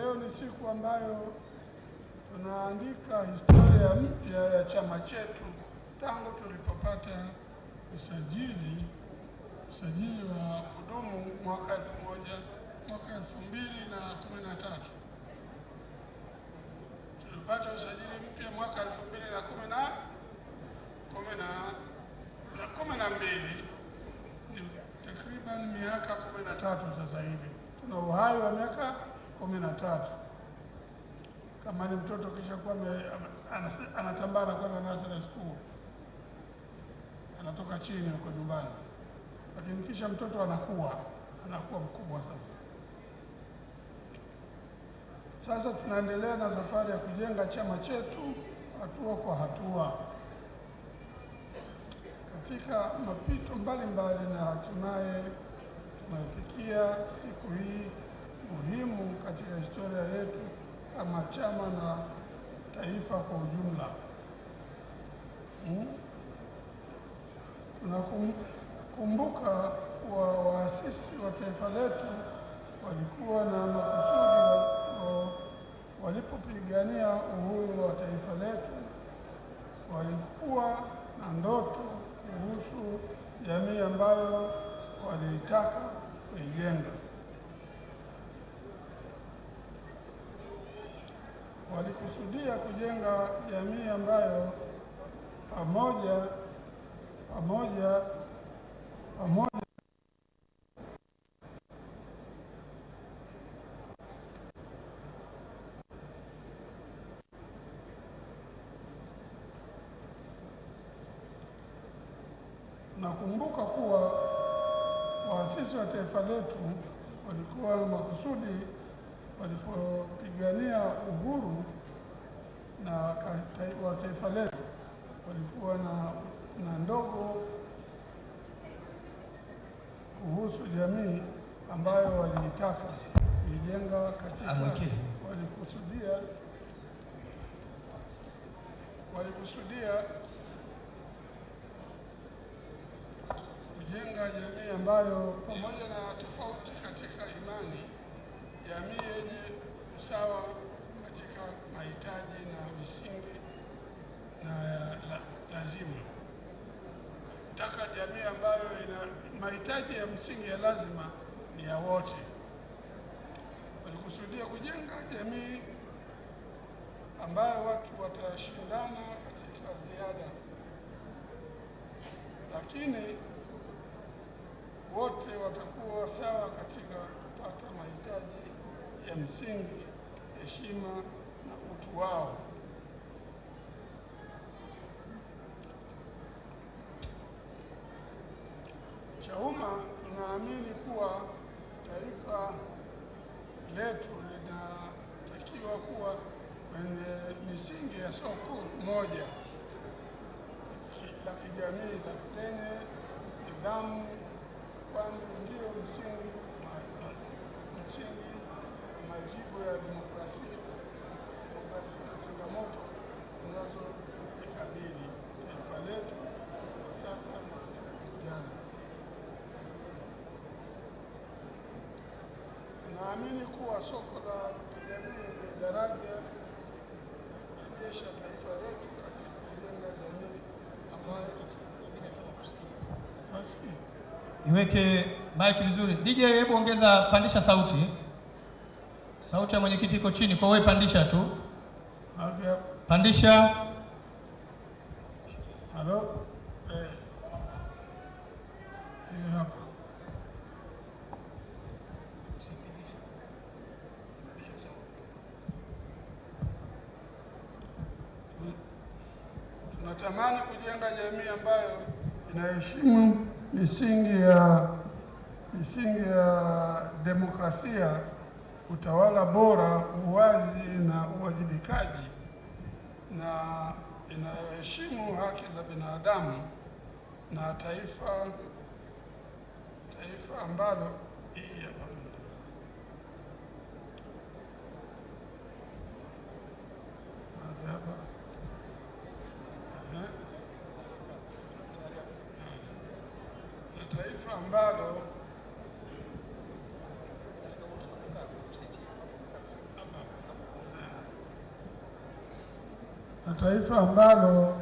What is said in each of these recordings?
Leo ni siku ambayo tunaandika historia mpya ya chama chetu tangu tulipopata usajili usajili wa kudumu mwaka elfu moja mwaka elfu mbili na kumi na tatu tulipata usajili mpya mwaka elfu mbili na kumi na na kumi na mbili ni takriban miaka kumi na tatu sasa hivi tuna uhai wa miaka kumi na tatu. Kama ni mtoto kisha kuwa anatambana kwenda nasara school, anatoka chini huko nyumbani, lakini kisha mtoto anakuwa anakuwa mkubwa sasa. Sasa tunaendelea na safari ya kujenga chama chetu hatua kwa hatua katika mapito mbalimbali mbali, na hatimaye tumefikia siku hii muhimu katika historia yetu kama chama na taifa kwa ujumla. Hmm? Tunakumbuka kuwa waasisi wa taifa letu walikuwa na makusudi walipopigania uhuru wa taifa letu, walikuwa na ndoto kuhusu jamii ambayo waliitaka kuijenga. ya kujenga jamii ambayo pamoja pamoja pamoja nakumbuka kuwa waasisi wa taifa letu walikuwa makusudi walipopigania uhuru na wa taifa letu walikuwa na, na ndogo kuhusu jamii ambayo waliitaka kuijenga katika walikusudia walikusudia kujenga jamii ambayo pamoja na tofauti katika imani, jamii yenye usawa mahitaji na misingi na la, lazima. Nataka jamii ambayo ina mahitaji ya msingi ya lazima ni ya wote. Walikusudia kujenga jamii ambayo watu watashindana katika ziada, lakini wote watakuwa sawa katika kupata mahitaji ya msingi: heshima, watu wao. tunaamini kuwa taifa letu linatakiwa kuwa kwenye misingi ya soko moja la kijamii la lenye nidhamu, kwani ndio msingi msingi majibu ya demokrasia basi na changamoto zinazolikabili taifa letu kwa sasa na siku zijazo. Tunaamini kuwa soko la kijamii ni daraja la kurejesha taifa letu katika kujenga jamii ambayo iweke maiki vizuri. DJ, hebu ongeza, pandisha sauti. Sauti ya mwenyekiti iko chini, kwa wewe pandisha tu. Pandisha. Halo. Eh. Tunatamani kujenga jamii ambayo inaheshimu misingi ya misingi ya demokrasia, utawala bora, uwazi na uwajibikaji na inayoheshimu haki za binadamu na taifa taifa ambalo hii eh? na taifa ambalo taifa ambalo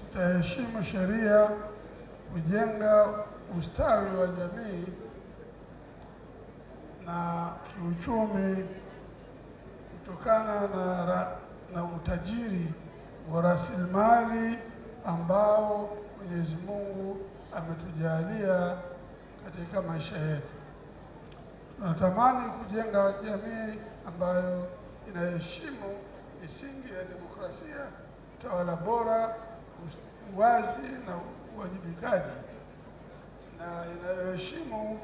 tutaheshimu sheria, kujenga ustawi wa jamii na kiuchumi kutokana na, ra, na utajiri wa rasilimali ambao Mwenyezi Mungu ametujalia katika maisha yetu. Tunatamani kujenga jamii ambayo inaheshimu misingi ya demokrasia, utawala bora, uwazi na uwajibikaji na inayoheshimu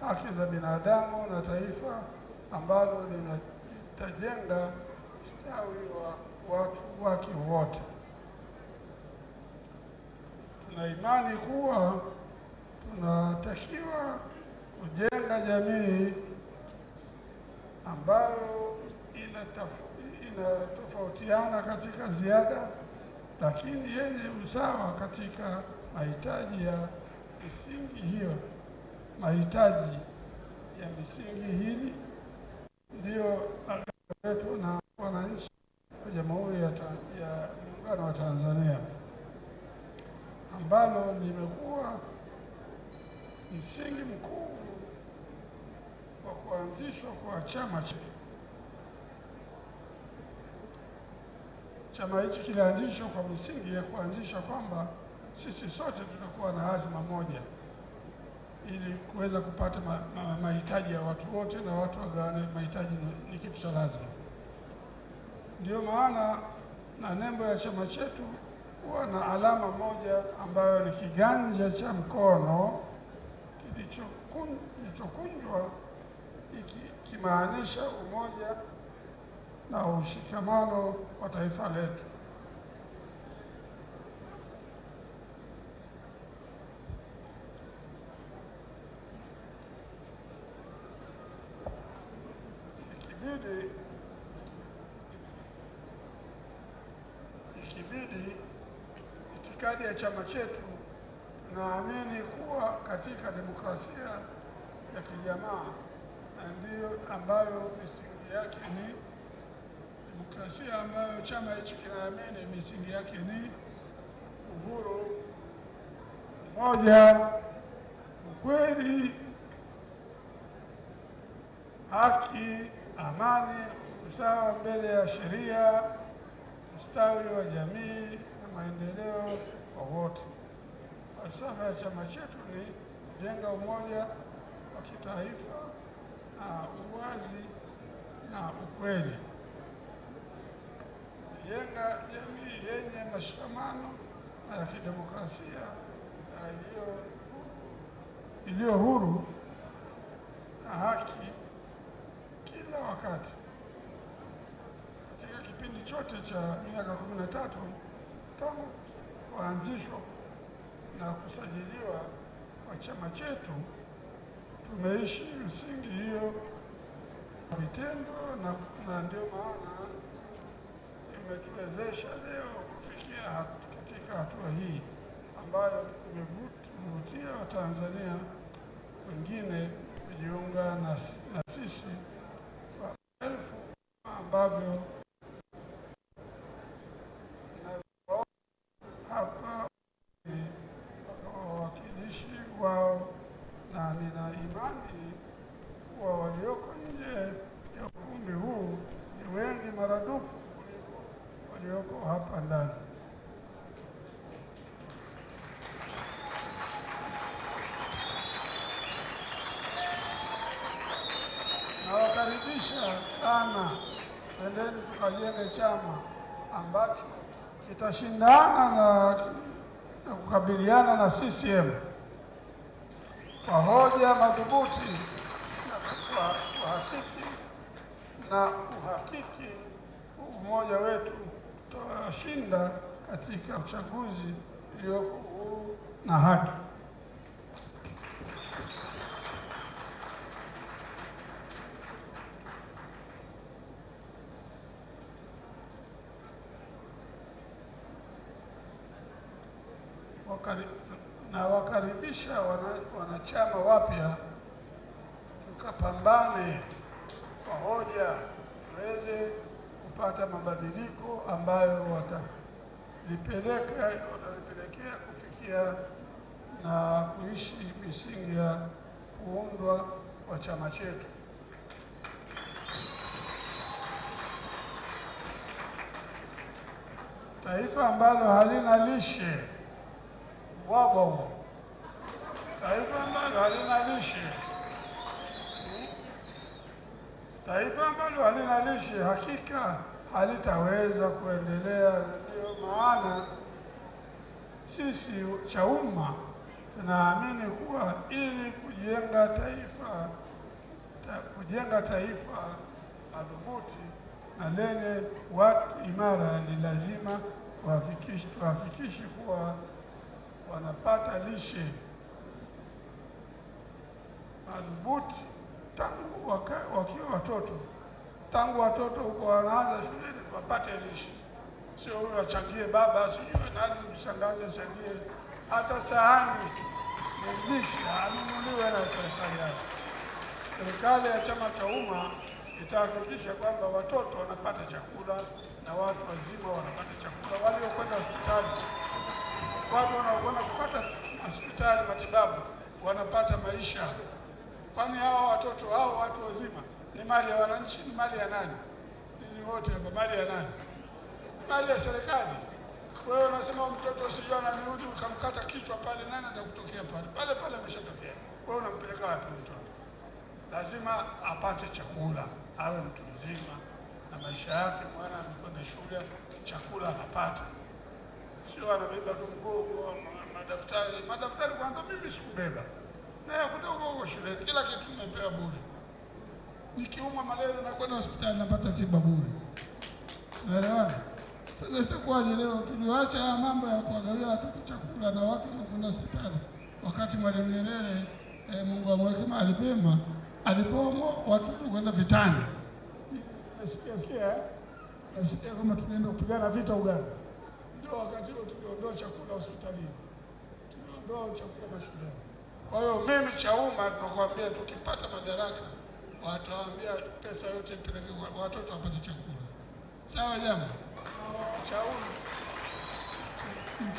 haki za binadamu na taifa ambalo linatajenga ustawi wa watu wake wote. Tuna imani kuwa tunatakiwa kujenga jamii ambayo inatofautiana katika ziada, lakini yenye usawa katika mahitaji ya misingi hiyo. Mahitaji ya misingi hili ndiyo agano letu na wananchi wa Jamhuri ya Muungano wa Tanzania ambalo limekuwa msingi mkuu kwa kuanzishwa kwa chama chetu. Chama hichi kilianzishwa kwa misingi ya kuanzisha kwamba sisi sote tutakuwa na azma moja ili kuweza kupata mahitaji ma, ma, ya watu wote na watu wagawane mahitaji ni, ni kitu cha lazima. Ndiyo maana na nembo ya chama chetu huwa na alama moja ambayo ni kiganja cha mkono kilichokunjwa ikimaanisha umoja na ushikamano wa taifa letu. Ikibidi, ikibidi itikadi ya chama chetu naamini kuwa katika demokrasia ya kijamaa na ndiyo ambayo misingi yake ni demokrasia, ambayo chama hichi kinaamini misingi yake ni uhuru, umoja, ukweli, haki, amani, usawa mbele ya sheria, ustawi wa jamii na maendeleo kwa wote. Falsafa ya chama chetu ni kujenga umoja wa kitaifa uwazi na ukweli, jenga jamii yenye mashikamano na ya kidemokrasia iliyo huru na haki kila wakati. Katika kipindi chote cha miaka kumi na tatu tangu kuanzishwa na kusajiliwa kwa chama chetu Tumeishi msingi hiyo vitendo na, na ndio maana imetuwezesha leo kufikia hatu, katika hatua hii ambayo imevutia Watanzania wengine kujiunga na, na sisi kwa elfu ambavyo twendeni tukajenge chama ambacho kitashindana na, na kukabiliana na CCM kwa hoja madhubuti na uhakiki na uhakiki umoja wetu tutawashinda katika uchaguzi ulioko huru na haki. nawakaribisha wanachama wapya, tukapambane kwa hoja tuweze kupata mabadiliko ambayo watalipeleka watalipelekea kufikia na kuishi misingi ya kuundwa kwa chama chetu. Taifa ambalo halina lishe kwabo taifa ambalo halina lishe, taifa ambalo halina lishe hakika halitaweza kuendelea. Ndiyo maana sisi cha umma tunaamini kuwa ili kujenga taifa ta, kujenga taifa madhubuti na lenye watu imara ni lazima tuhakikishe kuwa wanapata lishe madhubuti tangu wakiwa watoto, tangu watoto huko wanaanza shuleni, wapate lishe, sio huyo achangie baba, sijui nani msangazi achangie. Hata sahani ni lishe, anunuliwe na serikali yake. Serikali ya Chama cha Umma itahakikisha kwamba watoto wanapata chakula na watu wazima wanapata chakula, waliokwenda hospitali watu wanaokwenda kupata hospitali matibabu wanapata maisha, kwani hawa watoto hao watu wazima ni mali ya wananchi, ni mali ya nani? Ni wote hapa, mali ya nani? Mali ya serikali. Wewe unasema mtoto usijua ananiudhi, ukamkata kichwa pale, nani atakutokea pale? Pale pale ameshatokea. Wewe unampeleka wapi mtoto? Lazima apate chakula, awe mtu mzima na maisha yake. Mwana amekwenda shule, chakula anapata sio anabeba tu mgongo madaftari. Madaftari kwanza mimi sikubeba na kutoka huko shuleni, kila kitu nimepewa bure. Nikiumwa malaria nakwenda hospitali napata tiba bure, naelewana? Sasa itakuwaje leo tuliwacha haya mambo ya kuwagawia watoto chakula na watu wanakwenda hospitali, wakati Mwalimu Nyerere eh, Mungu amweke mahali pema, alipomo watoto kwenda vitani. Nasikia sikia nasikia kama tunaenda kupigana vita Uganda. Zanzibar wakati huo tuliondoa chakula hospitalini, tuliondoa chakula mashuleni. Kwa hiyo mimi CHAUMMA tunakuambia tukipata madaraka watawaambia pesa yote peleke watoto wapate chakula. Sawa jama CHAUMMA,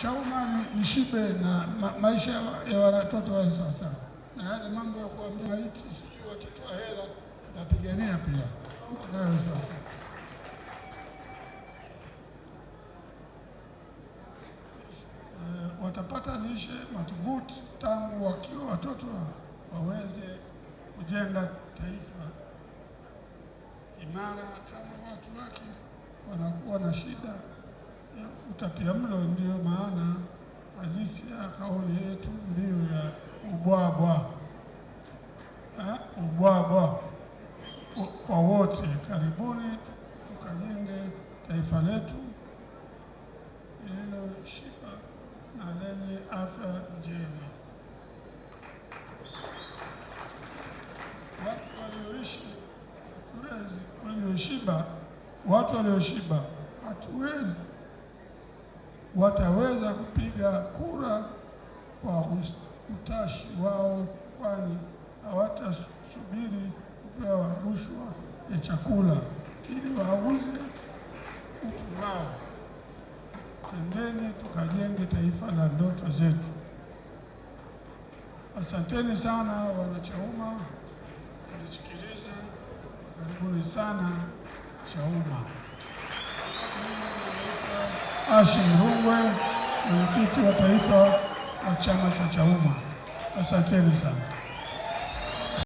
CHAUMMA ni shibe na ma, maisha ya watoto wao. sawa sawa na yale mambo ya kuambia maiti sijui wa hela tutapigania pia sawa sawa. watapata lishe madhubuti tangu wakiwa watoto waweze kujenga taifa imara. Kama watu wake wanakuwa na shida ya utapiamlo, ndiyo maana halisi ya kauli yetu ndio ya ubwabwa ha, ubwabwa kwa wote. Karibuni tukajenge taifa letu lililoshiba na lenye afya njema. walioshiba watu walioshiba hatuwezi wataweza kupiga kura kwa utashi wao, kwani hawatasubiri kupewa rushwa ya chakula ili waaguze utu wao. Twendeni tukajenge taifa la ndoto zetu. Asanteni sana wanachauma, kunisikiliza. Karibuni sana Chauma. Ashi Rungwe, mwenyekiti wa taifa wa chama cha Chauma. Asanteni sana.